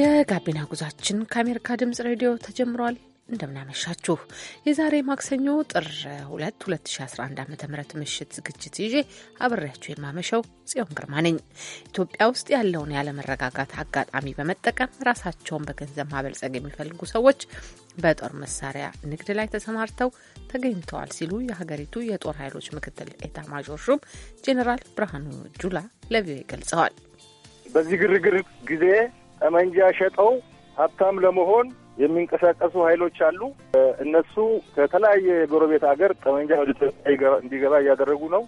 የጋቢና ጉዟችን ከአሜሪካ ድምጽ ሬዲዮ ተጀምሯል። እንደምናመሻችሁ የዛሬ ማክሰኞ ጥር 2 2011 ዓ ም ምሽት ዝግጅት ይዤ አብሬያችሁ የማመሸው ጽዮን ግርማ ነኝ። ኢትዮጵያ ውስጥ ያለውን ያለመረጋጋት አጋጣሚ በመጠቀም ራሳቸውን በገንዘብ ማበልጸግ የሚፈልጉ ሰዎች በጦር መሳሪያ ንግድ ላይ ተሰማርተው ተገኝተዋል ሲሉ የሀገሪቱ የጦር ኃይሎች ምክትል ኤታ ማዦር ሹም ጄኔራል ብርሃኑ ጁላ ለቪኦኤ ገልጸዋል። በዚህ ግርግር ጊዜ ጠመንጃ ሸጠው ሀብታም ለመሆን የሚንቀሳቀሱ ኃይሎች አሉ። እነሱ ከተለያየ ጎረቤት ሀገር ጠመንጃ እንዲገባ እያደረጉ ነው።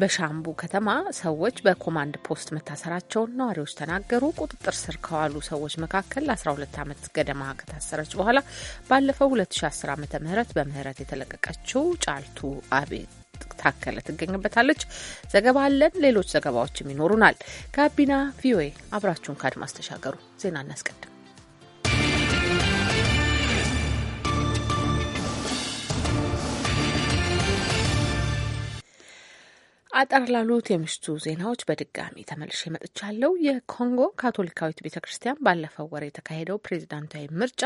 በሻምቡ ከተማ ሰዎች በኮማንድ ፖስት መታሰራቸውን ነዋሪዎች ተናገሩ። ቁጥጥር ስር ከዋሉ ሰዎች መካከል 1ሁለት ዓመት ገደማ ከታሰረች በኋላ ባለፈው 2010 ዓ ም በምህረት የተለቀቀችው ጫልቱ አቤት። ታከለ ትገኝበታለች። ዘገባ አለን። ሌሎች ዘገባዎችም ይኖሩናል። ጋቢና ቪኦኤ አብራችሁን ከአድማስ ተሻገሩ። ዜና እናስቀድም። አጠር ላሉት የምሽቱ ዜናዎች በድጋሚ ተመልሼ መጥቻለሁ። የኮንጎ ካቶሊካዊት ቤተ ክርስቲያን ባለፈው ወር የተካሄደው ፕሬዚዳንታዊ ምርጫ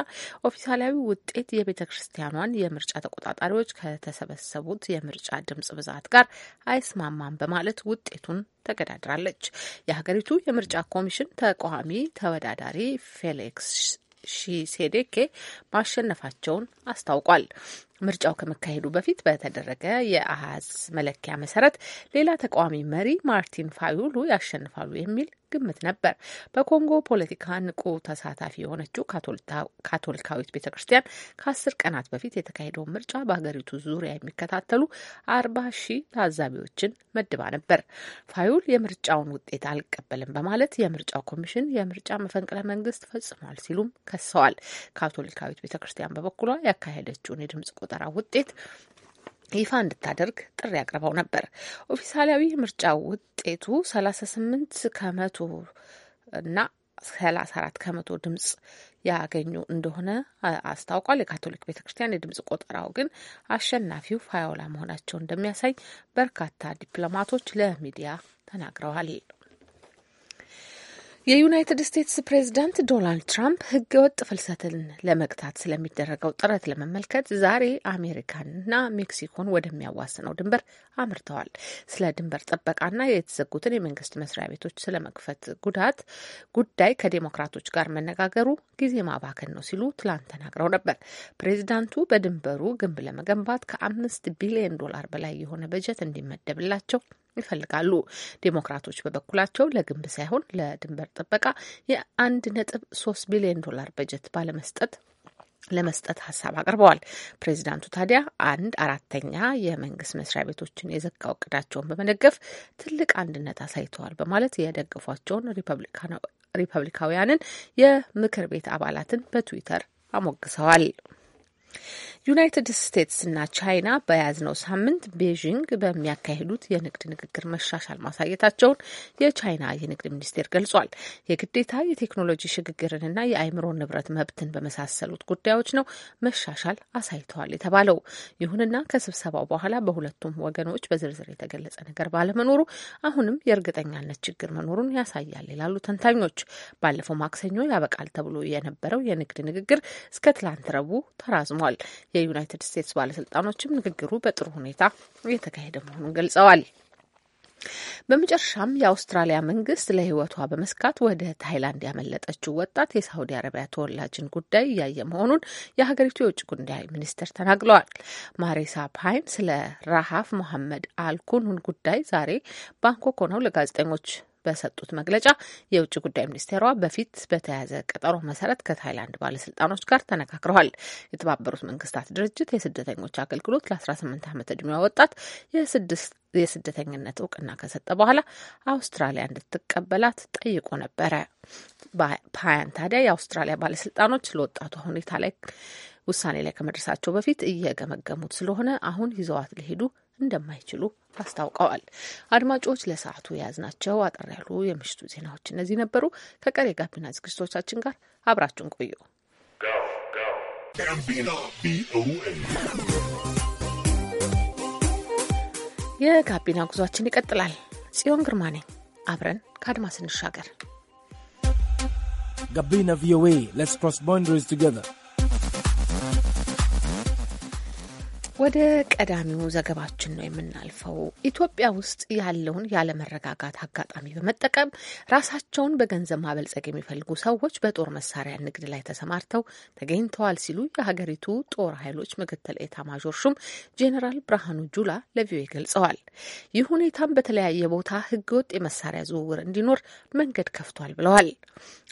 ኦፊሳላዊ ውጤት የቤተ ክርስቲያኗን የምርጫ ተቆጣጣሪዎች ከተሰበሰቡት የምርጫ ድምጽ ብዛት ጋር አይስማማም በማለት ውጤቱን ተገዳድራለች። የሀገሪቱ የምርጫ ኮሚሽን ተቃዋሚ ተወዳዳሪ ፌሊክስ ሺሴዴኬ ማሸነፋቸውን አስታውቋል። ምርጫው ከመካሄዱ በፊት በተደረገ የአሃዝ መለኪያ መሰረት ሌላ ተቃዋሚ መሪ ማርቲን ፋዩሉ ያሸንፋሉ የሚል ግምት ነበር። በኮንጎ ፖለቲካ ንቁ ተሳታፊ የሆነችው ካቶሊካዊት ቤተ ክርስቲያን ከአስር ቀናት በፊት የተካሄደውን ምርጫ በሀገሪቱ ዙሪያ የሚከታተሉ አርባ ሺህ ታዛቢዎችን መድባ ነበር። ፋዩል የምርጫውን ውጤት አልቀበልም በማለት የምርጫው ኮሚሽን የምርጫ መፈንቅለ መንግስት ፈጽሟል ሲሉም ከሰዋል። ካቶሊካዊት ቤተ ክርስቲያን በበኩሏ ያካሄደችውን የድምጽ የቆጠራ ውጤት ይፋ እንድታደርግ ጥሪ አቅርበው ነበር። ኦፊሳላዊ ምርጫ ውጤቱ 38 ከመቶ እና 34 ከመቶ ድምጽ ያገኙ እንደሆነ አስታውቋል። የካቶሊክ ቤተ ክርስቲያን የድምጽ ቆጠራው ግን አሸናፊው ፋዮላ መሆናቸው እንደሚያሳይ በርካታ ዲፕሎማቶች ለሚዲያ ተናግረዋል። የዩናይትድ ስቴትስ ፕሬዝዳንት ዶናልድ ትራምፕ ህገወጥ ፍልሰትን ለመግታት ስለሚደረገው ጥረት ለመመልከት ዛሬ አሜሪካንና ሜክሲኮን ወደሚያዋስነው ድንበር አምርተዋል። ስለ ድንበር ጥበቃና የተዘጉትን የመንግስት መስሪያ ቤቶች ስለመክፈት ጉዳት ጉዳይ ከዴሞክራቶች ጋር መነጋገሩ ጊዜ ማባከን ነው ሲሉ ትላንት ተናግረው ነበር። ፕሬዚዳንቱ በድንበሩ ግንብ ለመገንባት ከአምስት ቢሊዮን ዶላር በላይ የሆነ በጀት እንዲመደብላቸው ይፈልጋሉ። ዴሞክራቶች በበኩላቸው ለግንብ ሳይሆን ለድንበር ጥበቃ የአንድ ነጥብ ሶስት ቢሊዮን ዶላር በጀት ባለመስጠት ለመስጠት ሀሳብ አቅርበዋል። ፕሬዚዳንቱ ታዲያ አንድ አራተኛ የመንግስት መስሪያ ቤቶችን የዘጋ እቅዳቸውን በመደገፍ ትልቅ አንድነት አሳይተዋል በማለት የደገፏቸውን ሪፐብሊካውያንን የምክር ቤት አባላትን በትዊተር አሞግሰዋል። ዩናይትድ ስቴትስ እና ቻይና በያዝነው ሳምንት ቤዥንግ በሚያካሂዱት የንግድ ንግግር መሻሻል ማሳየታቸውን የቻይና የንግድ ሚኒስቴር ገልጿል። የግዴታ የቴክኖሎጂ ሽግግርንና የአእምሮ ንብረት መብትን በመሳሰሉት ጉዳዮች ነው መሻሻል አሳይተዋል የተባለው። ይሁንና ከስብሰባው በኋላ በሁለቱም ወገኖች በዝርዝር የተገለጸ ነገር ባለመኖሩ አሁንም የእርግጠኛነት ችግር መኖሩን ያሳያል ይላሉ ተንታኞች። ባለፈው ማክሰኞ ያበቃል ተብሎ የነበረው የንግድ ንግግር እስከ ትላንት ረቡዕ ተራዝሟል። የዩናይትድ ስቴትስ ባለስልጣኖችም ንግግሩ በጥሩ ሁኔታ እየተካሄደ መሆኑን ገልጸዋል። በመጨረሻም የአውስትራሊያ መንግስት ለህይወቷ በመስካት ወደ ታይላንድ ያመለጠችው ወጣት የሳውዲ አረቢያ ተወላጅን ጉዳይ እያየ መሆኑን የሀገሪቱ የውጭ ጉዳይ ሚኒስትር ተናግረዋል። ማሬሳ ፓይም ስለ ራሃፍ ሞሐመድ አልኩኑን ጉዳይ ዛሬ ባንኮክ ሆነው ለጋዜጠኞች በሰጡት መግለጫ የውጭ ጉዳይ ሚኒስቴሯ በፊት በተያዘ ቀጠሮ መሰረት ከታይላንድ ባለስልጣኖች ጋር ተነካክረዋል። የተባበሩት መንግስታት ድርጅት የስደተኞች አገልግሎት ለ18 ዓመት ዕድሜዋ ወጣት የስደተኝነት እውቅና ከሰጠ በኋላ አውስትራሊያ እንድትቀበላት ጠይቆ ነበረ። ፓያን ታዲያ የአውስትራሊያ ባለስልጣኖች ለወጣቷ ሁኔታ ላይ ውሳኔ ላይ ከመድረሳቸው በፊት እየገመገሙት ስለሆነ አሁን ይዘዋት ሊሄዱ እንደማይችሉ አስታውቀዋል። አድማጮች ለሰዓቱ የያዝናቸው አጠር ያሉ የምሽቱ ዜናዎች እነዚህ ነበሩ። ከቀሪ የጋቢና ዝግጅቶቻችን ጋር አብራችሁን ቆዩ። የጋቢና ጉዟችን ይቀጥላል። ጽዮን ግርማ ነኝ። አብረን ከአድማስ እንሻገር። ጋቢና ቪኦኤ ሌትስ ክሮስ ቦንደሪስ ቱጌዘር ወደ ቀዳሚው ዘገባችን ነው የምናልፈው። ኢትዮጵያ ውስጥ ያለውን ያለመረጋጋት አጋጣሚ በመጠቀም ራሳቸውን በገንዘብ ማበልጸግ የሚፈልጉ ሰዎች በጦር መሳሪያ ንግድ ላይ ተሰማርተው ተገኝተዋል ሲሉ የሀገሪቱ ጦር ኃይሎች ምክትል ኤታ ማዦር ሹም ጄኔራል ብርሃኑ ጁላ ለቪኦኤ ገልጸዋል። ይህ ሁኔታም በተለያየ ቦታ ህገወጥ የመሳሪያ ዝውውር እንዲኖር መንገድ ከፍቷል ብለዋል።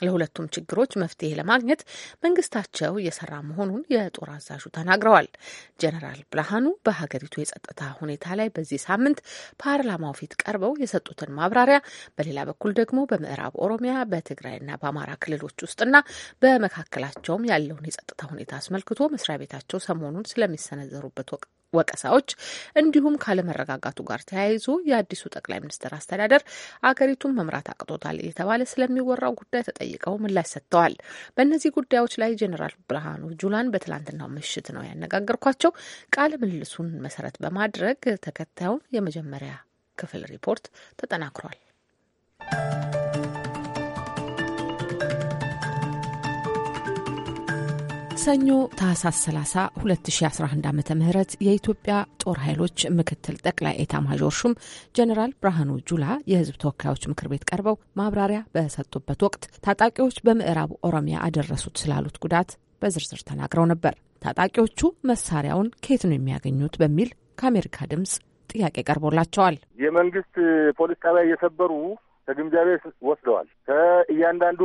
ለሁለቱም ችግሮች መፍትሄ ለማግኘት መንግስታቸው እየሰራ መሆኑን የጦር አዛዡ ተናግረዋል። ጄኔራል ብርሃኑ በሀገሪቱ የጸጥታ ሁኔታ ላይ በዚህ ሳምንት ፓርላማው ፊት ቀርበው የሰጡትን ማብራሪያ፣ በሌላ በኩል ደግሞ በምዕራብ ኦሮሚያ በትግራይና በአማራ ክልሎች ውስጥና በመካከላቸውም ያለውን የጸጥታ ሁኔታ አስመልክቶ መስሪያ ቤታቸው ሰሞኑን ስለሚሰነዘሩበት ወቅት ወቀሳዎች እንዲሁም ካለመረጋጋቱ ጋር ተያይዞ የአዲሱ ጠቅላይ ሚኒስትር አስተዳደር አገሪቱን መምራት አቅቶታል እየተባለ ስለሚወራው ጉዳይ ተጠይቀው ምላሽ ሰጥተዋል። በእነዚህ ጉዳዮች ላይ ጀኔራል ብርሃኑ ጁላን በትላንትናው ምሽት ነው ያነጋገርኳቸው። ቃለ ምልልሱን መሰረት በማድረግ ተከታዩን የመጀመሪያ ክፍል ሪፖርት ተጠናክሯል። ሰኞ ታህሳስ 30 2011 ዓ ም የኢትዮጵያ ጦር ኃይሎች ምክትል ጠቅላይ ኤታ ማዦር ሹም ጀኔራል ብርሃኑ ጁላ የህዝብ ተወካዮች ምክር ቤት ቀርበው ማብራሪያ በሰጡበት ወቅት ታጣቂዎች በምዕራብ ኦሮሚያ አደረሱት ስላሉት ጉዳት በዝርዝር ተናግረው ነበር። ታጣቂዎቹ መሳሪያውን ከየት ነው የሚያገኙት በሚል ከአሜሪካ ድምፅ ጥያቄ ቀርቦላቸዋል። የመንግስት ፖሊስ ጣቢያ እየሰበሩ ከግምጃ ቤት ወስደዋል። ከእያንዳንዱ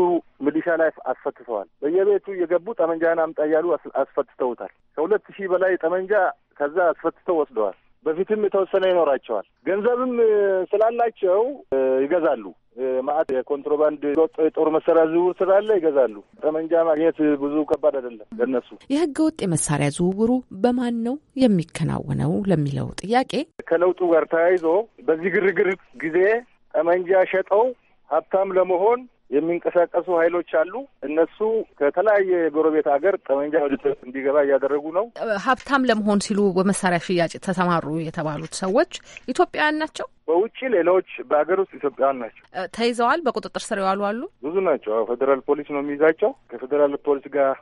ሚሊሻ ላይ አስፈትተዋል። በየቤቱ እየገቡ ጠመንጃህን አምጣ እያሉ አስፈትተውታል። ከሁለት ሺህ በላይ ጠመንጃ ከዛ አስፈትተው ወስደዋል። በፊትም የተወሰነ ይኖራቸዋል። ገንዘብም ስላላቸው ይገዛሉ። ማአት የኮንትሮባንድ ጦር መሳሪያ ዝውውር ስላለ ይገዛሉ። ጠመንጃ ማግኘት ብዙ ከባድ አይደለም ለነሱ። የህገ ወጥ የመሳሪያ ዝውውሩ በማን ነው የሚከናወነው ለሚለው ጥያቄ ከለውጡ ጋር ተያይዞ በዚህ ግርግር ጊዜ ጠመንጃ ሸጠው ሀብታም ለመሆን የሚንቀሳቀሱ ኃይሎች አሉ። እነሱ ከተለያየ የጎረቤት ሀገር ጠመንጃ እንዲገባ እያደረጉ ነው። ሀብታም ለመሆን ሲሉ በመሳሪያ ሽያጭ ተሰማሩ የተባሉት ሰዎች ኢትዮጵያውያን ናቸው። በውጭ ሌሎች፣ በሀገር ውስጥ ኢትዮጵያውያን ናቸው። ተይዘዋል። በቁጥጥር ስር የዋሉ አሉ። ብዙ ናቸው። ፌዴራል ፖሊስ ነው የሚይዛቸው። ከፌዴራል ፖሊስ ጋር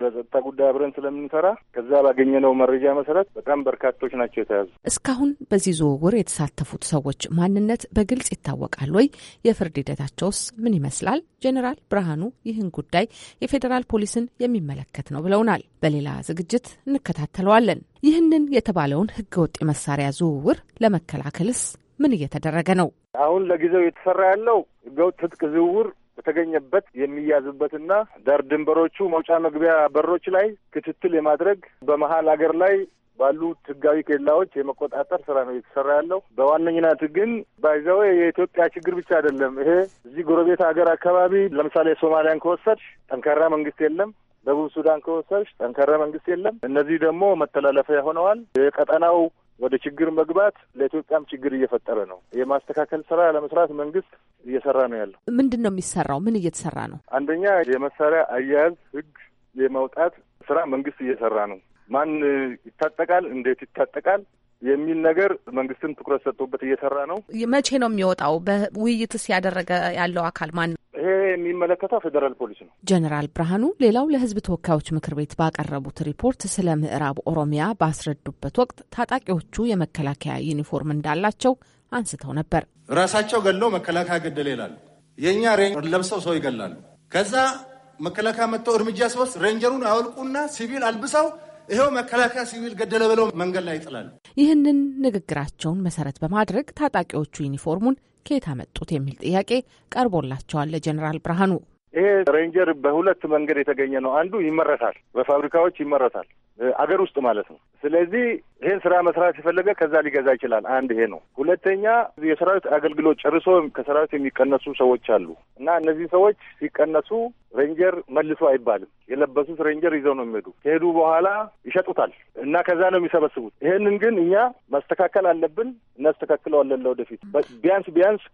በጸጥታ ጉዳይ አብረን ስለምንሰራ ከዛ ባገኘነው መረጃ መሰረት በጣም በርካቶች ናቸው የተያዙ። እስካሁን በዚህ ዝውውር የተሳተፉት ሰዎች ማንነት በግልጽ ይታወቃል ወይ? የፍርድ ሂደታቸውስ ምን ይመስላል? ጄኔራል ብርሃኑ ይህን ጉዳይ የፌዴራል ፖሊስን የሚመለከት ነው ብለውናል። በሌላ ዝግጅት እንከታተለዋለን። ይህንን የተባለውን ህገወጥ የመሳሪያ ዝውውር ለመከላከልስ ምን እየተደረገ ነው? አሁን ለጊዜው የተሰራ ያለው ህገወጥ ትጥቅ ዝውውር በተገኘበት የሚያዝበትና ዳር ድንበሮቹ መውጫ መግቢያ በሮች ላይ ክትትል የማድረግ በመሀል አገር ላይ ባሉት ህጋዊ ኬላዎች የመቆጣጠር ስራ ነው እየተሰራ ያለው። በዋነኝነት ግን ባይዘዌ የኢትዮጵያ ችግር ብቻ አይደለም። ይሄ እዚህ ጎረቤት ሀገር አካባቢ ለምሳሌ ሶማሊያን ከወሰድሽ ጠንካራ መንግስት የለም። ደቡብ ሱዳን ከወሰድሽ ጠንካራ መንግስት የለም። እነዚህ ደግሞ መተላለፊያ ሆነዋል። የቀጠናው ወደ ችግር መግባት ለኢትዮጵያም ችግር እየፈጠረ ነው። የማስተካከል ስራ ለመስራት መንግስት እየሰራ ነው ያለው። ምንድን ነው የሚሰራው? ምን እየተሰራ ነው? አንደኛ የመሳሪያ አያያዝ ህግ የማውጣት ስራ መንግስት እየሰራ ነው። ማን ይታጠቃል፣ እንዴት ይታጠቃል የሚል ነገር መንግስትም ትኩረት ሰጥቶበት እየሰራ ነው። መቼ ነው የሚወጣው? በውይይትስ ያደረገ ያለው አካል ማን ነው? ይሄ የሚመለከተው ፌዴራል ፖሊስ ነው። ጀኔራል ብርሃኑ ሌላው ለህዝብ ተወካዮች ምክር ቤት ባቀረቡት ሪፖርት ስለ ምዕራብ ኦሮሚያ ባስረዱበት ወቅት ታጣቂዎቹ የመከላከያ ዩኒፎርም እንዳላቸው አንስተው ነበር። ራሳቸው ገለው መከላከያ ገደለ ይላሉ። የእኛ ሬንጀር ለብሰው ሰው ይገላሉ። ከዛ መከላከያ መጥተው እርምጃ ሲወስድ ሬንጀሩን አወልቁና ሲቪል አልብሰው ይኸው መከላከያ ሲቪል ገደለ ብለው መንገድ ላይ ይጥላሉ። ይህንን ንግግራቸውን መሰረት በማድረግ ታጣቂዎቹ ዩኒፎርሙን ከየት አመጡት የሚል ጥያቄ ቀርቦላቸዋል ለጀኔራል ብርሃኑ ይሄ ሬንጀር በሁለት መንገድ የተገኘ ነው። አንዱ ይመረታል፣ በፋብሪካዎች ይመረታል፣ አገር ውስጥ ማለት ነው። ስለዚህ ይህን ስራ መስራት የፈለገ ከዛ ሊገዛ ይችላል። አንድ ይሄ ነው። ሁለተኛ የሰራዊት አገልግሎት ጨርሶ ከሰራዊት የሚቀነሱ ሰዎች አሉ እና እነዚህ ሰዎች ሲቀነሱ ሬንጀር መልሶ አይባልም። የለበሱት ሬንጀር ይዘው ነው የሚሄዱ። ከሄዱ በኋላ ይሸጡታል እና ከዛ ነው የሚሰበስቡት። ይህንን ግን እኛ ማስተካከል አለብን፣ እናስተካክለዋለን ለወደፊት ቢያንስ ቢያንስ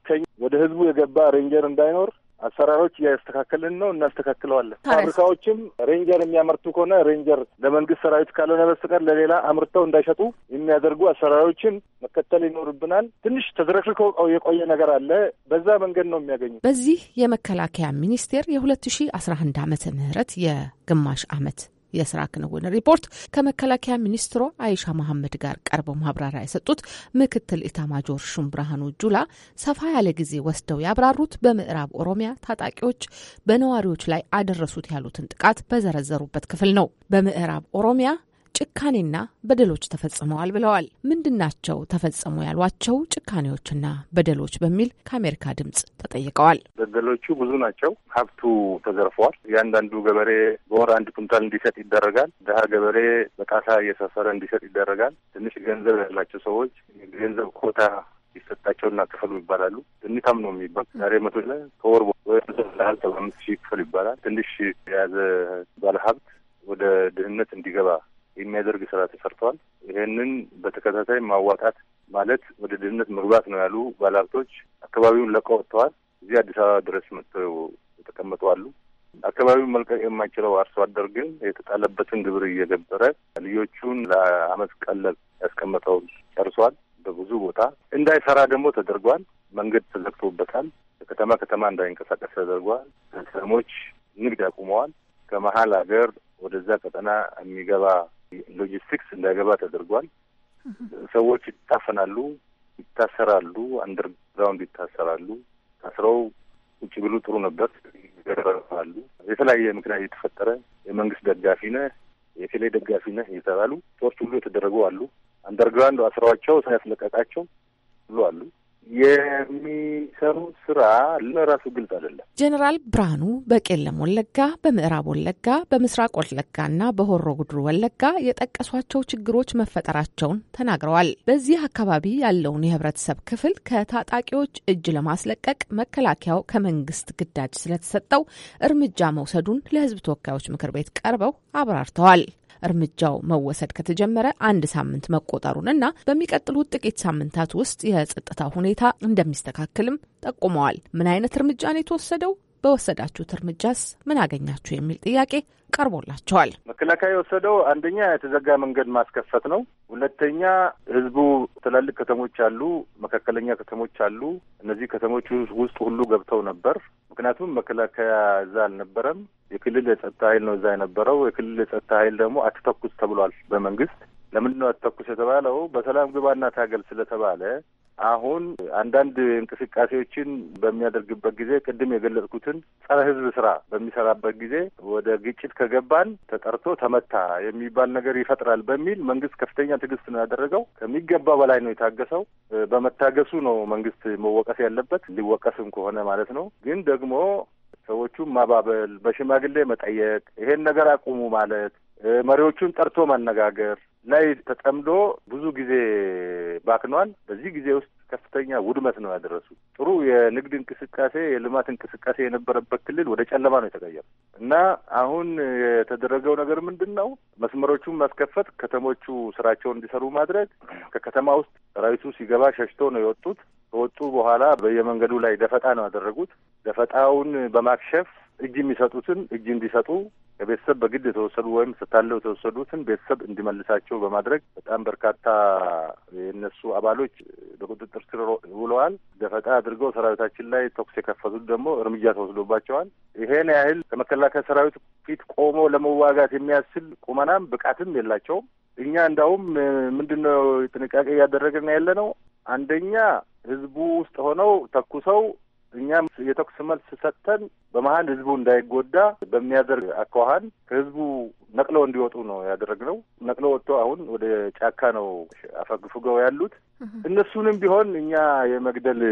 ወደ ህዝቡ የገባ ሬንጀር እንዳይኖር አሰራሮች እያስተካከልን ነው፣ እናስተካክለዋለን። ፋብሪካዎችም ሬንጀር የሚያመርቱ ከሆነ ሬንጀር ለመንግስት ሰራዊት ካልሆነ በስተቀር ለሌላ አምርተው እንዳይሸጡ የሚያደርጉ አሰራሮችን መከተል ይኖርብናል። ትንሽ ተዝረክርኮ የቆየ ነገር አለ። በዛ መንገድ ነው የሚያገኙ። በዚህ የመከላከያ ሚኒስቴር የ2011 ዓመተ ምህረት የግማሽ ዓመት የስራ ክንውን ሪፖርት ከመከላከያ ሚኒስትሩ አይሻ መሐመድ ጋር ቀርበው ማብራሪያ የሰጡት ምክትል ኢታማጆር ሹም ብርሃኑ ጁላ ሰፋ ያለ ጊዜ ወስደው ያብራሩት በምዕራብ ኦሮሚያ ታጣቂዎች በነዋሪዎች ላይ አደረሱት ያሉትን ጥቃት በዘረዘሩበት ክፍል ነው። በምዕራብ ኦሮሚያ ጭካኔና በደሎች ተፈጽመዋል ብለዋል። ምንድናቸው ተፈጸሙ ያሏቸው ጭካኔዎችና በደሎች በሚል ከአሜሪካ ድምጽ ተጠይቀዋል። በደሎቹ ብዙ ናቸው። ሀብቱ ተዘርፈዋል። እያንዳንዱ ገበሬ በወር አንድ ኩንታል እንዲሰጥ ይደረጋል። ድሀ ገበሬ በጣሳ እየሰፈረ እንዲሰጥ ይደረጋል። ትንሽ ገንዘብ ያላቸው ሰዎች ገንዘብ ኮታ ይሰጣቸውና ክፈሉ ይባላሉ። ትንታም ነው የሚባል ዛሬ መቶ ላይ ከወር ሰባ አምስት ሺህ ክፈሉ ይባላል። ትንሽ የያዘ ባለሀብት ወደ ድህነት እንዲገባ የሚያደርግ ስራ ተሰርተዋል። ይህንን በተከታታይ ማዋጣት ማለት ወደ ድህነት መግባት ነው ያሉ ባለሀብቶች አካባቢውን ለቀው ወጥተዋል። እዚህ አዲስ አበባ ድረስ መጥተው የተቀመጡ አሉ። አካባቢውን መልቀቅ የማይችለው አርሶ አደር ግን የተጣለበትን ግብር እየገበረ ልጆቹን ለአመት ቀለብ ያስቀመጠውን ጨርሷል። በብዙ ቦታ እንዳይሰራ ደግሞ ተደርጓል። መንገድ ተዘግቶበታል። ከተማ ከተማ እንዳይንቀሳቀስ ተደርጓል። ከተሞች ንግድ አቁመዋል። ከመሀል ሀገር ወደዛ ቀጠና የሚገባ ሎጂስቲክስ እንዳይገባ ተደርጓል። ሰዎች ይታፈናሉ፣ ይታሰራሉ፣ አንደርግራውንድ ይታሰራሉ። ታስረው ውጭ ብሉ ጥሩ ነበር ይገረራሉ። የተለያየ ምክንያት እየተፈጠረ የመንግስት ደጋፊ ነህ፣ የቴሌ ደጋፊ ነህ እየተባሉ ሰዎች ሁሉ የተደረጉ አሉ። አንደርግራውንድ አስረዋቸው ሳያስለቀቃቸው ሁሉ አሉ። የሚሰሩት ስራ ለራሱ ግልጽ አይደለም። ጀኔራል ብርሃኑ በቄለም ወለጋ፣ በምዕራብ ወለጋ፣ በምስራቅ እና በሆሮ ጉድሩ ወለጋ የጠቀሷቸው ችግሮች መፈጠራቸውን ተናግረዋል። በዚህ አካባቢ ያለውን የህብረተሰብ ክፍል ከታጣቂዎች እጅ ለማስለቀቅ መከላከያው ከመንግስት ግዳጅ ስለተሰጠው እርምጃ መውሰዱን ለህዝብ ተወካዮች ምክር ቤት ቀርበው አብራርተዋል። እርምጃው መወሰድ ከተጀመረ አንድ ሳምንት መቆጠሩን እና በሚቀጥሉት ጥቂት ሳምንታት ውስጥ የጸጥታ ሁኔታ እንደሚስተካከልም ጠቁመዋል። ምን አይነት እርምጃ ነው የተወሰደው? በወሰዳችሁት እርምጃስ ምን አገኛችሁ የሚል ጥያቄ ቀርቦላቸዋል። መከላከያ የወሰደው አንደኛ የተዘጋ መንገድ ማስከፈት ነው። ሁለተኛ ህዝቡ ትላልቅ ከተሞች አሉ፣ መካከለኛ ከተሞች አሉ። እነዚህ ከተሞች ውስጥ ሁሉ ገብተው ነበር። ምክንያቱም መከላከያ እዛ አልነበረም። የክልል የጸጥታ ኃይል ነው እዛ የነበረው። የክልል የጸጥታ ኃይል ደግሞ አትተኩስ ተብሏል በመንግስት። ለምንድን ነው አትተኩስ የተባለው? በሰላም ግባና ታገል ስለተባለ አሁን አንዳንድ እንቅስቃሴዎችን በሚያደርግበት ጊዜ ቅድም የገለጽኩትን ጸረ ህዝብ ስራ በሚሰራበት ጊዜ ወደ ግጭት ከገባን ተጠርቶ ተመታ የሚባል ነገር ይፈጥራል በሚል መንግስት ከፍተኛ ትዕግስት ነው ያደረገው። ከሚገባ በላይ ነው የታገሰው። በመታገሱ ነው መንግስት መወቀስ ያለበት፣ ሊወቀስም ከሆነ ማለት ነው። ግን ደግሞ ሰዎቹም ማባበል፣ በሽማግሌ መጠየቅ፣ ይሄን ነገር አቁሙ ማለት መሪዎቹን ጠርቶ ማነጋገር ላይ ተጠምዶ ብዙ ጊዜ ባክኗል። በዚህ ጊዜ ውስጥ ከፍተኛ ውድመት ነው ያደረሱ ጥሩ የንግድ እንቅስቃሴ፣ የልማት እንቅስቃሴ የነበረበት ክልል ወደ ጨለማ ነው የተቀየረ እና አሁን የተደረገው ነገር ምንድን ነው? መስመሮቹን ማስከፈት፣ ከተሞቹ ስራቸውን እንዲሰሩ ማድረግ። ከከተማ ውስጥ ሰራዊቱ ሲገባ ሸሽቶ ነው የወጡት። ከወጡ በኋላ በየመንገዱ ላይ ደፈጣ ነው ያደረጉት። ደፈጣውን በማክሸፍ እጅ የሚሰጡትን እጅ እንዲሰጡ ከቤተሰብ በግድ የተወሰዱ ወይም ስታለው የተወሰዱትን ቤተሰብ እንዲመልሳቸው በማድረግ በጣም በርካታ የእነሱ አባሎች በቁጥጥር ስር ውለዋል። ደፈጣ አድርገው ሰራዊታችን ላይ ተኩስ የከፈቱት ደግሞ እርምጃ ተወስዶባቸዋል። ይሄን ያህል ከመከላከያ ሰራዊት ፊት ቆሞ ለመዋጋት የሚያስችል ቁመናም ብቃትም የላቸውም። እኛ እንዳውም ምንድን ነው ጥንቃቄ እያደረግን ያለ ነው። አንደኛ ህዝቡ ውስጥ ሆነው ተኩሰው እኛም የተኩስ መልስ ሰጥተን በመሀል ህዝቡ እንዳይጎዳ በሚያደርግ አኳኋን ከህዝቡ ነቅለው እንዲወጡ ነው ያደረግነው። ነቅለው ወጥቶ አሁን ወደ ጫካ ነው አፈግፍገው ያሉት። እነሱንም ቢሆን እኛ የመግደል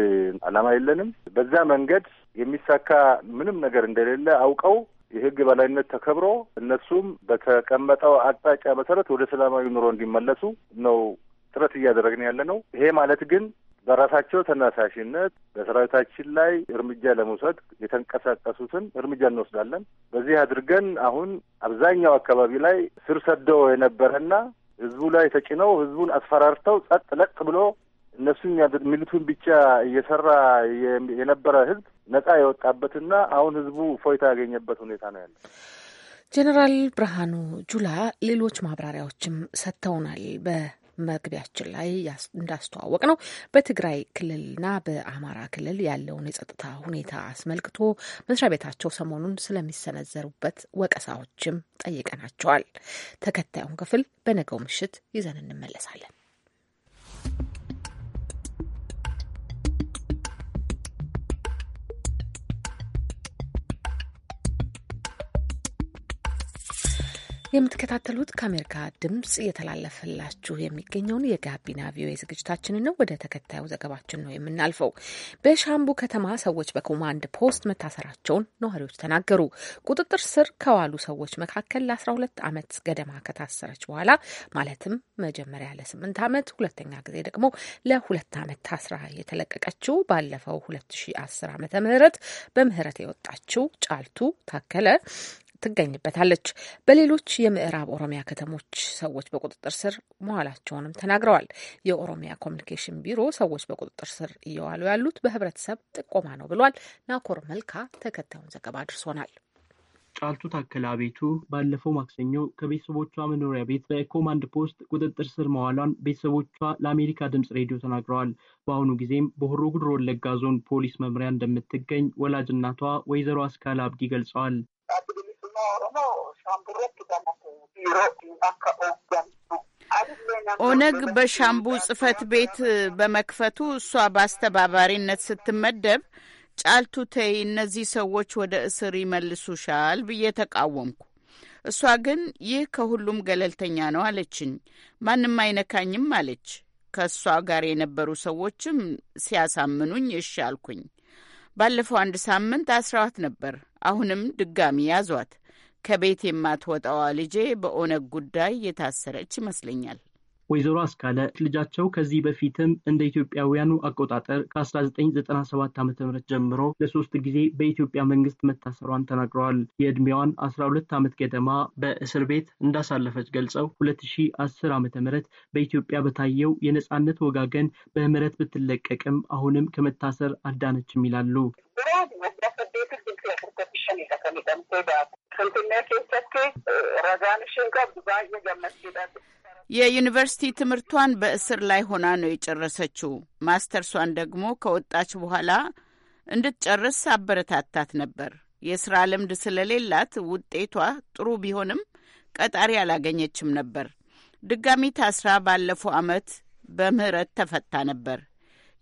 አላማ የለንም። በዛ መንገድ የሚሳካ ምንም ነገር እንደሌለ አውቀው የህግ በላይነት ተከብሮ እነሱም በተቀመጠው አቅጣጫ መሰረት ወደ ሰላማዊ ኑሮ እንዲመለሱ ነው ጥረት እያደረግን ያለ ነው። ይሄ ማለት ግን በራሳቸው ተነሳሽነት በሰራዊታችን ላይ እርምጃ ለመውሰድ የተንቀሳቀሱትን እርምጃ እንወስዳለን። በዚህ አድርገን አሁን አብዛኛው አካባቢ ላይ ስር ሰደው የነበረና ህዝቡ ላይ ተጭነው ህዝቡን አስፈራርተው ጸጥ ለጥ ብሎ እነሱ የሚሉትን ብቻ እየሰራ የነበረ ህዝብ ነጻ የወጣበትና አሁን ህዝቡ እፎይታ ያገኘበት ሁኔታ ነው ያለው። ጀኔራል ብርሃኑ ጁላ ሌሎች ማብራሪያዎችም ሰጥተውናል። መግቢያችን ላይ እንዳስተዋወቅ ነው በትግራይ ክልልና በአማራ ክልል ያለውን የጸጥታ ሁኔታ አስመልክቶ መስሪያ ቤታቸው ሰሞኑን ስለሚሰነዘሩበት ወቀሳዎችም ጠይቀናቸዋል። ተከታዩን ክፍል በነገው ምሽት ይዘን እንመለሳለን። የምትከታተሉት ከአሜሪካ ድምፅ እየተላለፈላችሁ የሚገኘውን የጋቢና ቪኦኤ ዝግጅታችንን ነው። ወደ ተከታዩ ዘገባችን ነው የምናልፈው። በሻምቡ ከተማ ሰዎች በኮማንድ ፖስት መታሰራቸውን ነዋሪዎች ተናገሩ። ቁጥጥር ስር ከዋሉ ሰዎች መካከል ለ12 ዓመት ገደማ ከታሰረች በኋላ ማለትም መጀመሪያ ለ8 ዓመት ሁለተኛ ጊዜ ደግሞ ለሁለት ዓመት ታስራ የተለቀቀችው ባለፈው 2010 ዓ ም በምህረት የወጣችው ጫልቱ ታከለ ትገኝበታለች። በሌሎች የምዕራብ ኦሮሚያ ከተሞች ሰዎች በቁጥጥር ስር መዋላቸውንም ተናግረዋል። የኦሮሚያ ኮሚኒኬሽን ቢሮ ሰዎች በቁጥጥር ስር እየዋሉ ያሉት በህብረተሰብ ጥቆማ ነው ብሏል። ናኮር መልካ ተከታዩን ዘገባ አድርሶናል። ጫልቱ ታከላ ቤቱ ባለፈው ማክሰኞ ከቤተሰቦቿ መኖሪያ ቤት በኮማንድ ፖስት ቁጥጥር ስር መዋሏን ቤተሰቦቿ ለአሜሪካ ድምፅ ሬዲዮ ተናግረዋል። በአሁኑ ጊዜም በሆሮ ጉድሮ ወለጋ ዞን ፖሊስ መምሪያ እንደምትገኝ ወላጅ እናቷ ወይዘሮ አስካላ አብዲ ገልጸዋል። ኦነግ በሻምቡ ጽህፈት ቤት በመክፈቱ እሷ በአስተባባሪነት ስትመደብ ጫልቱ ተይ እነዚህ ሰዎች ወደ እስር ይመልሱሻል ብዬ ተቃወምኩ። እሷ ግን ይህ ከሁሉም ገለልተኛ ነው አለችኝ። ማንም አይነካኝም አለች። ከእሷ ጋር የነበሩ ሰዎችም ሲያሳምኑኝ እሺ አልኩኝ። ባለፈው አንድ ሳምንት አስራዋት ነበር። አሁንም ድጋሚ ያዟት። ከቤት የማትወጣዋ ልጄ በኦነግ ጉዳይ የታሰረች ይመስለኛል። ወይዘሮ አስካለ ልጃቸው ከዚህ በፊትም እንደ ኢትዮጵያውያኑ አቆጣጠር ከ1997 ዓ ም ጀምሮ ለሶስት ጊዜ በኢትዮጵያ መንግስት መታሰሯን ተናግረዋል። የዕድሜዋን 12 ዓመት ገደማ በእስር ቤት እንዳሳለፈች ገልጸው 2010 ዓ ም በኢትዮጵያ በታየው የነፃነት ወጋገን በምህረት ብትለቀቅም አሁንም ከመታሰር አዳነችም ይላሉ። shanidha kan hidhamtee baatu. Finfinnee keessatti ragaan ishiin qabdu baay'ee gammachiidha. የዩኒቨርሲቲ ትምህርቷን በእስር ላይ ሆና ነው የጨረሰችው። ማስተርሷን ደግሞ ከወጣች በኋላ እንድትጨርስ አበረታታት ነበር። የስራ ልምድ ስለሌላት ውጤቷ ጥሩ ቢሆንም ቀጣሪ አላገኘችም ነበር። ድጋሚ ታስራ ባለፈው ዓመት በምህረት ተፈታ ነበር።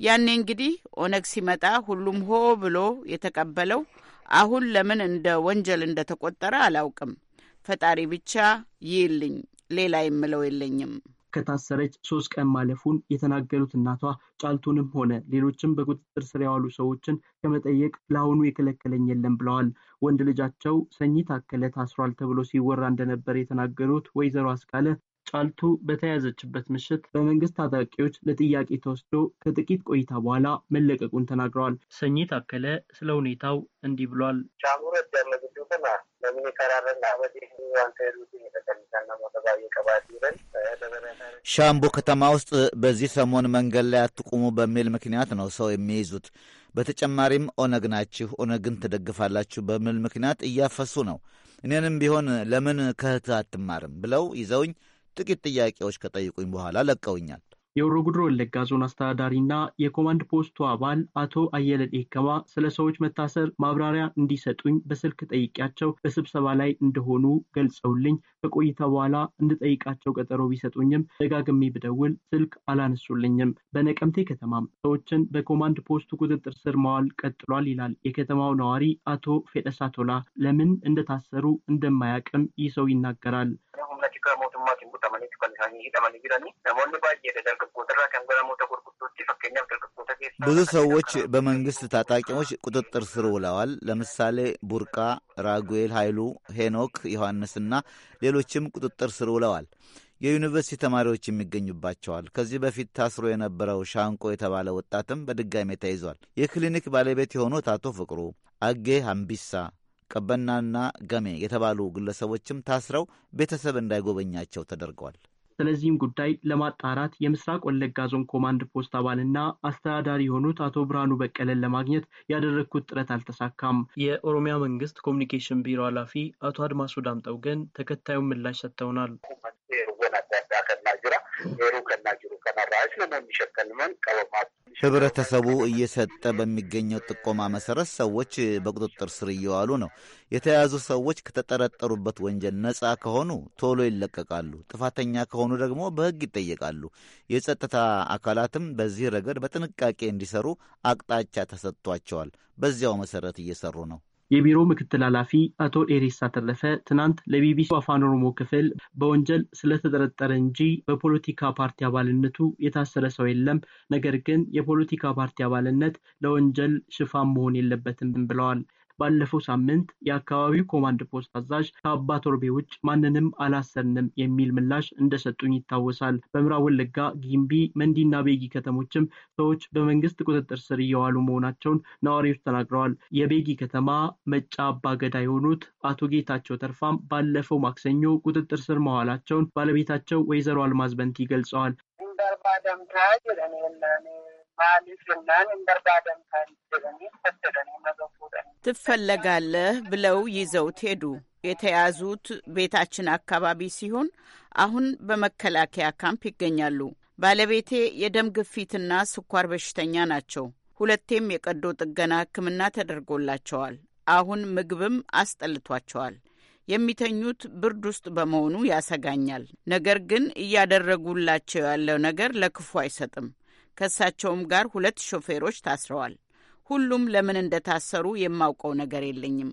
ያኔ እንግዲህ ኦነግ ሲመጣ ሁሉም ሆ ብሎ የተቀበለው አሁን ለምን እንደ ወንጀል እንደተቆጠረ አላውቅም። ፈጣሪ ብቻ ይልኝ፣ ሌላ የምለው የለኝም። ከታሰረች ሶስት ቀን ማለፉን የተናገሩት እናቷ ጫልቱንም ሆነ ሌሎችም በቁጥጥር ስር የዋሉ ሰዎችን ከመጠየቅ ለአሁኑ የከለከለኝ የለም ብለዋል። ወንድ ልጃቸው ሰኚ ታከለ ታስሯል ተብሎ ሲወራ እንደነበር የተናገሩት ወይዘሮ አስካለ ጫልቱ በተያዘችበት ምሽት በመንግስት ታጣቂዎች ለጥያቄ ተወስዶ ከጥቂት ቆይታ በኋላ መለቀቁን ተናግረዋል። ሰኚ ታከለ ስለ ሁኔታው እንዲህ ብሏል። ሻምቡ ከተማ ውስጥ በዚህ ሰሞን መንገድ ላይ አትቁሙ በሚል ምክንያት ነው ሰው የሚይዙት። በተጨማሪም ኦነግ ናችሁ፣ ኦነግን ትደግፋላችሁ በሚል ምክንያት እያፈሱ ነው። እኔንም ቢሆን ለምን ከህትህ አትማርም ብለው ይዘውኝ ጥቂት ጥያቄዎች ከጠይቁኝ በኋላ ለቀውኛል። የሆሮ ጉዱሩ ወለጋ ዞን አስተዳዳሪ ና የኮማንድ ፖስቱ አባል አቶ አየለ ዴከማ ስለ ሰዎች መታሰር ማብራሪያ እንዲሰጡኝ በስልክ ጠይቂያቸው በስብሰባ ላይ እንደሆኑ ገልጸውልኝ ከቆይታ በኋላ እንድጠይቃቸው ቀጠሮ ቢሰጡኝም ደጋግሜ ብደውል ስልክ አላነሱልኝም። በነቀምቴ ከተማም ሰዎችን በኮማንድ ፖስቱ ቁጥጥር ስር ማዋል ቀጥሏል ይላል የከተማው ነዋሪ አቶ ፌደሳ ቶላ። ለምን እንደታሰሩ እንደማያቅም ይህ ሰው ይናገራል። ብዙ ሰዎች በመንግስት ታጣቂዎች ቁጥጥር ስር ውለዋል። ለምሳሌ ቡርቃ፣ ራጉኤል ኃይሉ፣ ሄኖክ ዮሐንስና ሌሎችም ቁጥጥር ስር ውለዋል። የዩኒቨርሲቲ ተማሪዎች የሚገኙባቸዋል። ከዚህ በፊት ታስሮ የነበረው ሻንቆ የተባለ ወጣትም በድጋሜ ተይዟል። የክሊኒክ ባለቤት የሆኑት አቶ ፍቅሩ አጌ ሀምቢሳ ቀበናና ገሜ የተባሉ ግለሰቦችም ታስረው ቤተሰብ እንዳይጎበኛቸው ተደርገዋል። ስለዚህም ጉዳይ ለማጣራት የምስራቅ ወለጋ ዞን ኮማንድ ፖስት አባልና አስተዳዳሪ የሆኑት አቶ ብርሃኑ በቀለን ለማግኘት ያደረግኩት ጥረት አልተሳካም። የኦሮሚያ መንግስት ኮሚኒኬሽን ቢሮ ኃላፊ አቶ አድማሱ ዳምጠው ግን ተከታዩን ምላሽ ሰጥተውናል። ህብረተሰቡ እየሰጠ በሚገኘው ጥቆማ መሰረት ሰዎች በቁጥጥር ስር እየዋሉ ነው። የተያዙ ሰዎች ከተጠረጠሩበት ወንጀል ነፃ ከሆኑ ቶሎ ይለቀቃሉ። ጥፋተኛ ከሆኑ ደግሞ በህግ ይጠየቃሉ። የጸጥታ አካላትም በዚህ ረገድ በጥንቃቄ እንዲሰሩ አቅጣጫ ተሰጥቷቸዋል። በዚያው መሰረት እየሰሩ ነው። የቢሮ ምክትል ኃላፊ አቶ ኤሬሳ ተረፈ ትናንት ለቢቢሲ አፋን ኦሮሞ ክፍል በወንጀል ስለተጠረጠረ እንጂ በፖለቲካ ፓርቲ አባልነቱ የታሰረ ሰው የለም፣ ነገር ግን የፖለቲካ ፓርቲ አባልነት ለወንጀል ሽፋን መሆን የለበትም ብለዋል። ባለፈው ሳምንት የአካባቢው ኮማንድ ፖስት አዛዥ ከአባ ቶርቤ ውጭ ማንንም አላሰርንም የሚል ምላሽ እንደሰጡኝ ይታወሳል። በምዕራብ ወለጋ ጊምቢ፣ መንዲና ቤጊ ከተሞችም ሰዎች በመንግስት ቁጥጥር ስር እየዋሉ መሆናቸውን ነዋሪዎች ተናግረዋል። የቤጊ ከተማ መጫ አባገዳ የሆኑት አቶ ጌታቸው ተርፋም ባለፈው ማክሰኞ ቁጥጥር ስር መዋላቸውን ባለቤታቸው ወይዘሮ አልማዝ በንቲ ገልጸዋል። ትፈለጋለህ ብለው ይዘውት ሄዱ። የተያዙት ቤታችን አካባቢ ሲሆን አሁን በመከላከያ ካምፕ ይገኛሉ። ባለቤቴ የደም ግፊትና ስኳር በሽተኛ ናቸው። ሁለቴም የቀዶ ጥገና ሕክምና ተደርጎላቸዋል። አሁን ምግብም አስጠልቷቸዋል። የሚተኙት ብርድ ውስጥ በመሆኑ ያሰጋኛል። ነገር ግን እያደረጉላቸው ያለው ነገር ለክፉ አይሰጥም። ከእሳቸውም ጋር ሁለት ሾፌሮች ታስረዋል። ሁሉም ለምን እንደታሰሩ የማውቀው ነገር የለኝም።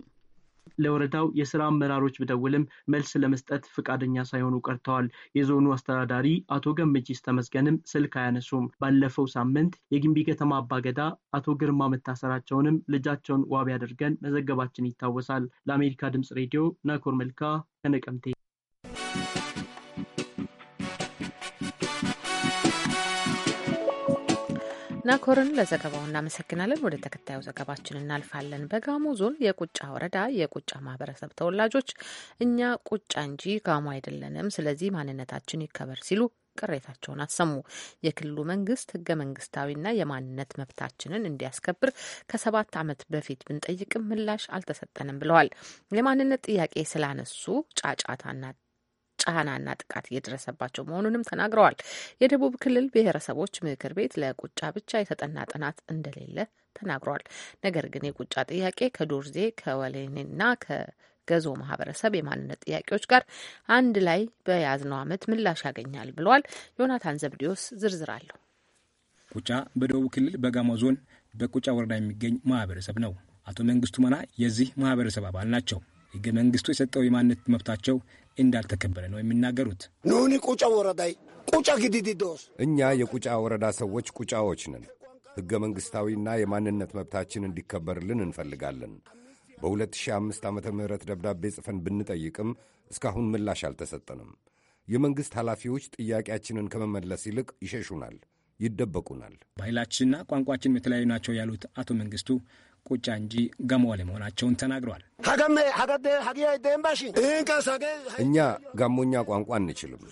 ለወረዳው የስራ አመራሮች ብደውልም መልስ ለመስጠት ፈቃደኛ ሳይሆኑ ቀርተዋል። የዞኑ አስተዳዳሪ አቶ ገምጂስ ተመስገንም ስልክ አያነሱም። ባለፈው ሳምንት የግንቢ ከተማ አባገዳ አቶ ግርማ መታሰራቸውንም ልጃቸውን ዋቢ አድርገን መዘገባችን ይታወሳል። ለአሜሪካ ድምጽ ሬዲዮ ናኮር መልካ ከነቀምቴ ናኮርን ለዘገባው እናመሰግናለን። ወደ ተከታዩ ዘገባችን እናልፋለን። በጋሞ ዞን የቁጫ ወረዳ የቁጫ ማህበረሰብ ተወላጆች እኛ ቁጫ እንጂ ጋሞ አይደለንም፣ ስለዚህ ማንነታችን ይከበር ሲሉ ቅሬታቸውን አሰሙ። የክልሉ መንግስት ህገ መንግስታዊና የማንነት መብታችንን እንዲያስከብር ከሰባት ዓመት በፊት ብንጠይቅም ምላሽ አልተሰጠንም ብለዋል። የማንነት ጥያቄ ስላነሱ ጫጫታና ጫናና ጥቃት እየደረሰባቸው መሆኑንም ተናግረዋል። የደቡብ ክልል ብሔረሰቦች ምክር ቤት ለቁጫ ብቻ የተጠና ጥናት እንደሌለ ተናግሯል። ነገር ግን የቁጫ ጥያቄ ከዶርዜ ከወሌኔና ገዞ ማህበረሰብ የማንነት ጥያቄዎች ጋር አንድ ላይ በያዝነው ዓመት ምላሽ ያገኛል ብለዋል። ዮናታን ዘብዲዮስ ዝርዝር አለሁ። ቁጫ በደቡብ ክልል በጋሞ ዞን በቁጫ ወረዳ የሚገኝ ማህበረሰብ ነው። አቶ መንግስቱ መና የዚህ ማህበረሰብ አባል ናቸው። ህገ መንግስቱ የሰጠው የማንነት መብታቸው እንዳልተከበረ ነው የሚናገሩት። ኑኒ ቁጫ ወረዳይ ቁጫ ግዲዲዶስ እኛ የቁጫ ወረዳ ሰዎች ቁጫዎች ነን። ሕገ መንግሥታዊና የማንነት መብታችን እንዲከበርልን እንፈልጋለን። በ2005 ዓ ም ደብዳቤ ጽፈን ብንጠይቅም እስካሁን ምላሽ አልተሰጠንም። የመንግሥት ኃላፊዎች ጥያቄያችንን ከመመለስ ይልቅ ይሸሹናል፣ ይደበቁናል። ባህላችንና ቋንቋችን የተለያዩ ናቸው ያሉት አቶ መንግስቱ ቁጫ እንጂ ገሞ መሆናቸውን ተናግረዋል። እኛ ጋሞኛ ቋንቋ አንችልም።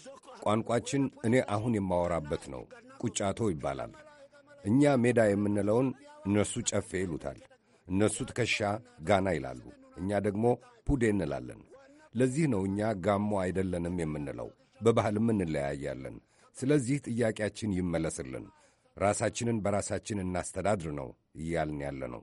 ቋንቋችን እኔ አሁን የማወራበት ነው። ቁጫቶ ይባላል። እኛ ሜዳ የምንለውን እነሱ ጨፌ ይሉታል። እነሱ ትከሻ ጋና ይላሉ። እኛ ደግሞ ፑዴ እንላለን። ለዚህ ነው እኛ ጋሞ አይደለንም የምንለው። በባህልም እንለያያለን። ስለዚህ ጥያቄያችን ይመለስልን። ራሳችንን በራሳችን እናስተዳድር ነው እያልን ያለ ነው።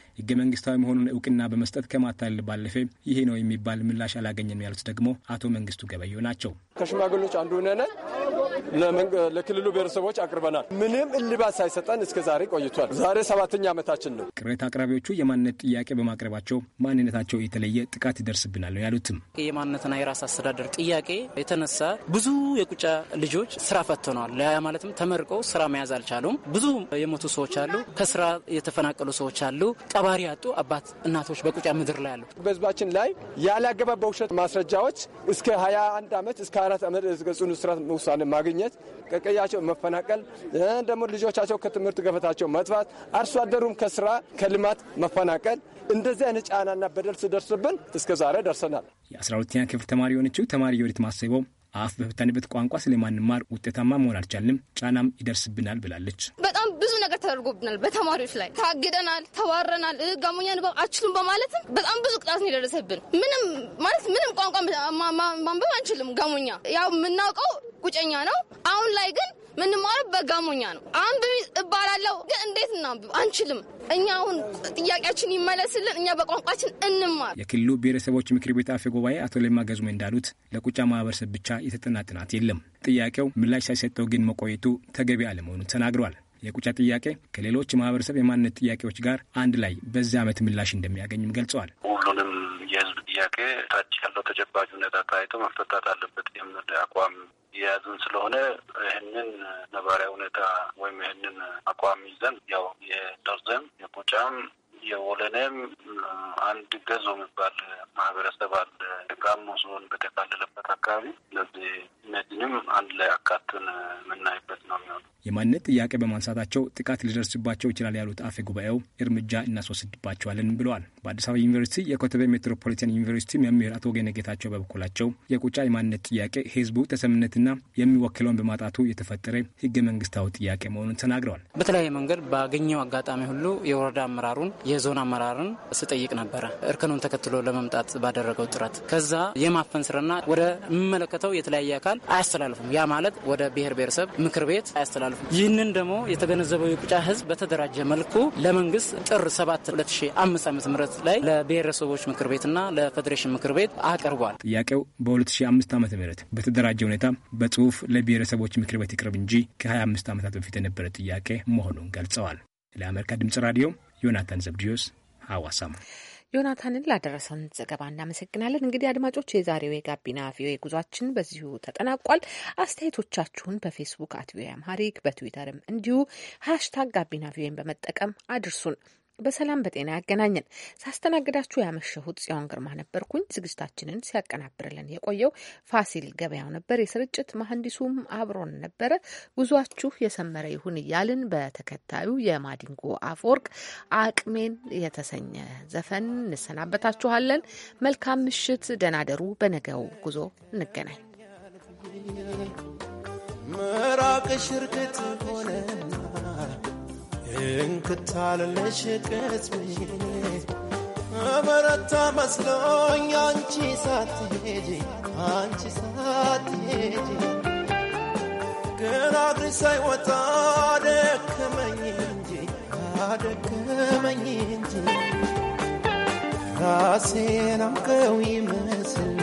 ህገ መንግስታዊ መሆኑን እውቅና በመስጠት ከማታለል ባለፈ ይሄ ነው የሚባል ምላሽ አላገኘም ያሉት ደግሞ አቶ መንግስቱ ገበየው ናቸው። ከሽማግሎች አንዱ ነነ ለክልሉ ብሔረሰቦች አቅርበናል። ምንም እልባት ሳይሰጠን እስከ ዛሬ ቆይቷል። ዛሬ ሰባተኛ ዓመታችን ነው። ቅሬታ አቅራቢዎቹ የማንነት ጥያቄ በማቅረባቸው ማንነታቸው የተለየ ጥቃት ይደርስብናል ነው ያሉትም። የማንነትና የራስ አስተዳደር ጥያቄ የተነሳ ብዙ የቁጫ ልጆች ስራ ፈትነዋል። ለያ ማለትም ተመርቀው ስራ መያዝ አልቻሉም። ብዙ የሞቱ ሰዎች አሉ። ከስራ የተፈናቀሉ ሰዎች አሉ። ቀባሪ ያጡ አባት እናቶች በቁጫ ምድር ላይ አሉ። በህዝባችን ላይ ያላገባ በውሸት ማስረጃዎች እስከ 21 ዓመት እስከ አራት ዓመት ጽኑ እስራት ውሳኔ ማግኘት ማግኘት፣ ከቀያቸው መፈናቀል፣ ደግሞ ልጆቻቸው ከትምህርት ገበታቸው መጥፋት፣ አርሶ አደሩም ከስራ ከልማት መፈናቀል፣ እንደዚህ አይነት ጫናና በደል ስደርስብን እስከ ዛሬ ደርሰናል። የአስራ ሁለተኛ ክፍል ተማሪ የሆነችው ተማሪ የወዲት ማሰበው አፍ በፈታንበት ቋንቋ ስለማንማር ውጤታማ መሆን አልቻልንም፣ ጫናም ይደርስብናል ብላለች። በጣም ብዙ ነገር ተደርጎብናል። በተማሪዎች ላይ ታግደናል፣ ተባረናል፣ ጋሞኛ ንባብ አችሉም በማለትም በጣም ብዙ ቅጣት ነው የደረሰብን። ምንም ማለት ምንም ቋንቋ ማንበብ አንችልም። ጋሞኛ ያው የምናውቀው ቁጨኛ ነው። አሁን ላይ ግን ምንማረው በጋሞኛ ነው። አሁን እባ አውቃለሁ፣ ግን እንዴት እናንብብ አንችልም። እኛ አሁን ጥያቄያችን ይመለስልን፣ እኛ በቋንቋችን እንማር። የክልሉ ብሔረሰቦች ምክር ቤት አፈ ጉባኤ አቶ ለማ ገዙሜ እንዳሉት ለቁጫ ማህበረሰብ ብቻ የተጠና ጥናት የለም። ጥያቄው ምላሽ ሳይሰጠው ግን መቆየቱ ተገቢ አለመሆኑ ተናግሯል። የቁጫ ጥያቄ ከሌሎች ማህበረሰብ የማንነት ጥያቄዎች ጋር አንድ ላይ በዚህ ዓመት ምላሽ እንደሚያገኝም ገልጸዋል። ሁሉንም ጥያቄ ታች ያለው ተጨባጭ ሁኔታ ታይቶ መፈታት አለበት የሚል አቋም የያዝን ስለሆነ ይህንን ነባሪያ ሁኔታ ወይም ይህንን አቋም ይዘን ያው የደርዘም የቁጫም የወለኔም አንድ ገዞ የሚባል ማህበረሰብ አለ። ጋሞ ዞን በተካለለበት አካባቢ። ስለዚህ እነዚህንም አንድ ላይ አካትን የምናይበት ነው የሚሆነው። የማንነት ጥያቄ በማንሳታቸው ጥቃት ሊደርስባቸው ይችላል ያሉት አፈ ጉባኤው እርምጃ እናስወስድባቸዋለን ብለዋል። በአዲስ አበባ ዩኒቨርሲቲ የኮተቤ ሜትሮፖሊታን ዩኒቨርሲቲ መምህር አቶ ጌታቸው በበኩላቸው የቁጫ የማንነት ጥያቄ ህዝቡ ተሰምነትና የሚወክለውን በማጣቱ የተፈጠረ ህገ መንግስታዊ ጥያቄ መሆኑን ተናግረዋል። በተለያየ መንገድ ባገኘው አጋጣሚ ሁሉ የወረዳ አመራሩን የዞን አመራርን ስጠይቅ ነበረ እርከኑን ተከትሎ ለመምጣት ባደረገው ጥረት ከዛ የማፈን ስረና ወደ የሚመለከተው የተለያየ አካል አያስተላልፉም። ያ ማለት ወደ ብሔር ብሔረሰብ ምክር ቤት አያስተላልፉም ማለት ነው። ይህንን ደግሞ የተገነዘበው የቁጫ ህዝብ በተደራጀ መልኩ ለመንግስት ጥር 7 2005 ዓ ም ላይ ለብሔረሰቦች ምክር ቤትና ለፌዴሬሽን ምክር ቤት አቅርቧል። ጥያቄው በ2005 ዓ ም በተደራጀ ሁኔታ በጽሁፍ ለብሔረሰቦች ምክር ቤት ይቅርብ እንጂ ከ25 ዓመታት በፊት የነበረ ጥያቄ መሆኑን ገልጸዋል። ለአሜሪካ ድምጽ ራዲዮ ዮናታን ዘብድዮስ ሐዋሳም ዮናታንን ላደረሰን ዘገባ እናመሰግናለን። እንግዲህ አድማጮች የዛሬው የጋቢና ቪኦኤ ጉዟችን በዚሁ ተጠናቋል። አስተያየቶቻችሁን በፌስቡክ አት ቪኦኤ አምሃሪክ በትዊተርም እንዲሁ ሀሽታግ ጋቢና ቪኦኤን በመጠቀም አድርሱን። በሰላም በጤና ያገናኘን። ሳስተናግዳችሁ ያመሸሁት ጽዮን ግርማ ነበርኩኝ። ዝግጅታችንን ሲያቀናብርልን የቆየው ፋሲል ገበያው ነበር። የስርጭት መሐንዲሱም አብሮን ነበረ። ጉዟችሁ የሰመረ ይሁን እያልን በተከታዩ የማዲንጎ አፈወርቅ አቅሜን የተሰኘ ዘፈን እንሰናበታችኋለን። መልካም ምሽት፣ ደናደሩ። በነገው ጉዞ እንገናኝ። ምራቅ እርግጥ ሆነ እንክታለለሽ ቅጽብዬ በረታ መስሎኝ አንቺ ሳትሄጂ አንቺ ሳትሄጂ ግን አግሪ ሳይወጣ አደከመኝ እንጂ አደከመኝ እንጂ ራሴን ይመስል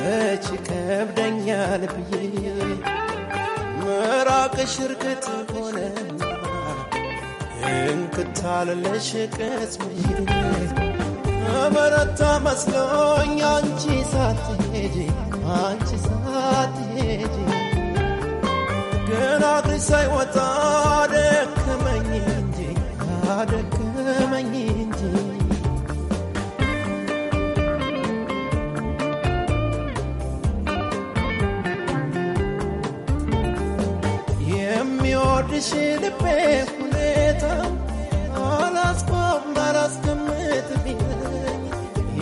መች ከብደኛል ብዬ ምራቅሽ እርግጥ ሆነ እንክታለለሽ ቅጽሜ በረታ መስሎኝ አንቺ ሳትሄጂ አንቺ ሳትሄጂ ገና አግሪ ሳይወጣ ደከመኝ እንጂ ደከመኝ እንጂ የሚወድሽ ልቤ ባላስቀምጥብኝ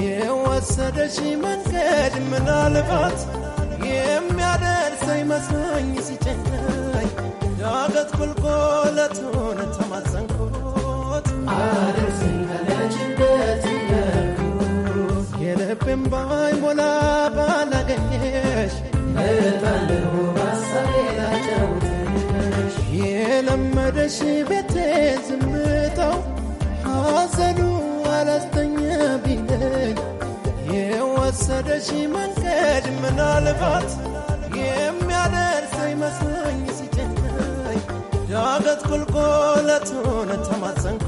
የወሰደሽ መንገድ ምናልባት የሚያደርሰኝ መስሎኝ ሲጨናኝ ዳገት ቁልቁለቱን ተማጸንኩት። የልቤም ባይሞላ ባላገኘሽ የለመደሽ ቤቴ ዝምታው አዘኑ አላስተኛ ቢለኝ የወሰደሽ መንገድ ምናልባት የሚያደርሰኝ መስሎኝ ሲጨናኝ ዳገት ቁልቁለቱን ተማጸንኩት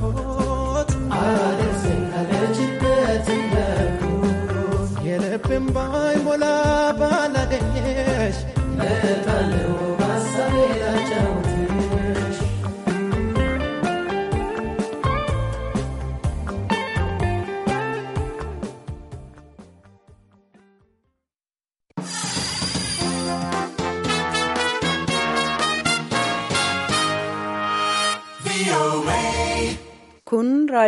ባይሞላ ባላገኘሽ